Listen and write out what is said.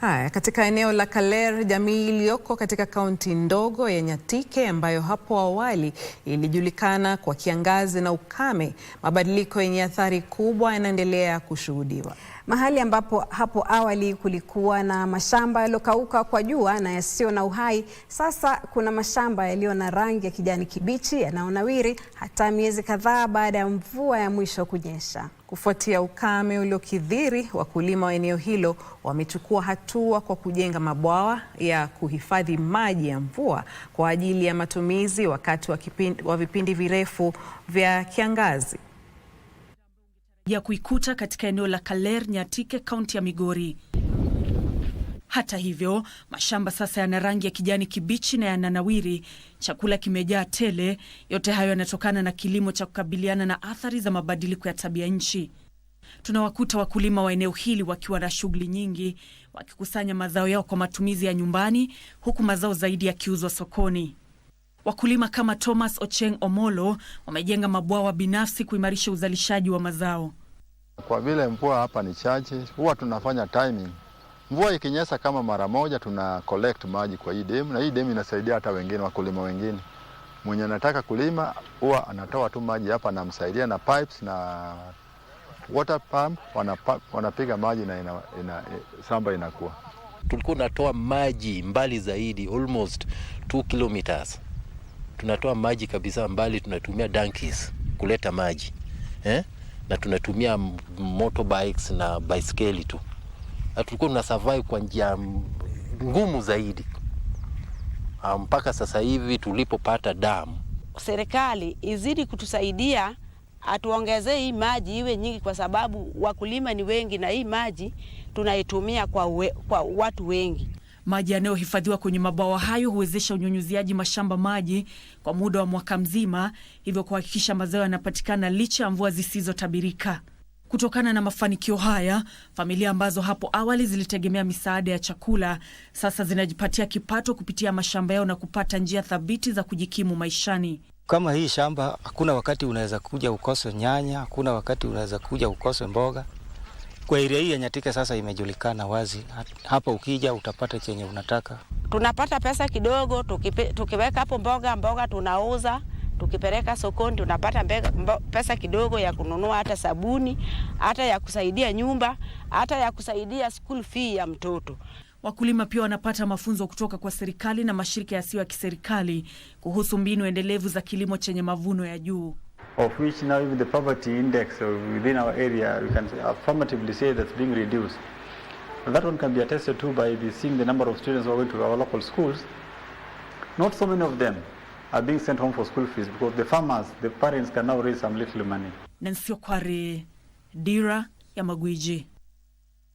Haya, katika eneo la Kaler, jamii iliyoko katika kaunti ndogo ya Nyatike ambayo hapo awali ilijulikana kwa kiangazi na ukame, mabadiliko yenye athari kubwa yanaendelea kushuhudiwa. Mahali ambapo hapo awali kulikuwa na mashamba yaliyokauka kwa jua na yasiyo na uhai, sasa kuna mashamba yaliyo na rangi ya kijani kibichi yanayonawiri hata miezi kadhaa baada ya mvua ya mwisho kunyesha. Kufuatia ukame uliokithiri, wakulima wa eneo hilo wamechukua hatua kwa kujenga mabwawa ya kuhifadhi maji ya mvua kwa ajili ya matumizi wakati wa, kipindi, wa vipindi virefu vya kiangazi ya kuikuta katika eneo la Kaler Nyatike, kaunti ya Migori. Hata hivyo, mashamba sasa yana rangi ya kijani kibichi na yananawiri, chakula kimejaa tele. Yote hayo yanatokana na kilimo cha kukabiliana na athari za mabadiliko ya tabia nchi. Tunawakuta wakulima wa eneo hili wakiwa na shughuli nyingi, wakikusanya mazao yao kwa matumizi ya nyumbani, huku mazao zaidi yakiuzwa sokoni. Wakulima kama Thomas Ocheng Omolo wamejenga mabwawa binafsi kuimarisha uzalishaji wa mazao. Kwa vile mvua hapa ni chache, huwa tunafanya timing Mvua ikinyesha kama mara moja, tuna collect maji kwa hii demu, na hii demu inasaidia hata wengine wakulima wengine. Mwenye anataka kulima huwa anatoa tu maji hapa, anamsaidia na pipes na water pump, wanapiga maji na ina, ina, e, samba inakuwa. Tulikuwa tunatoa maji mbali zaidi almost 2 kilometers, tunatoa maji kabisa mbali, tunatumia donkeys kuleta maji eh? na tunatumia motorbikes na baiskeli tu na tulikuwa tuna survive kwa njia ngumu zaidi ah, mpaka sasa hivi tulipopata damu. Serikali izidi kutusaidia, atuongezee hii maji iwe nyingi, kwa sababu wakulima ni wengi na hii maji tunaitumia kwa, we, kwa watu wengi. Maji yanayohifadhiwa kwenye mabwawa hayo huwezesha unyunyuziaji mashamba maji kwa muda wa mwaka mzima, hivyo kuhakikisha mazao yanapatikana licha ya mvua zisizotabirika. Kutokana na mafanikio haya, familia ambazo hapo awali zilitegemea misaada ya chakula sasa zinajipatia kipato kupitia mashamba yao na kupata njia thabiti za kujikimu maishani. Kama hii shamba, hakuna wakati unaweza kuja ukose nyanya, hakuna wakati unaweza kuja ukose mboga. Kwa iria hii ya Nyatike sasa imejulikana wazi, hapa ukija utapata chenye unataka. Tunapata pesa kidogo, tukiweka hapo mboga mboga tunauza tukipeleka sokoni tunapata pesa kidogo ya kununua hata sabuni, hata ya kusaidia nyumba, hata ya kusaidia school fee ya mtoto. Wakulima pia wanapata mafunzo kutoka kwa serikali na mashirika yasiyo ya kiserikali kuhusu mbinu endelevu za kilimo chenye mavuno ya juu. Not so many of them are being sent home for school fees because the farmers, the parents can now raise some little money. Nancy Okware, Dira ya Magwiji.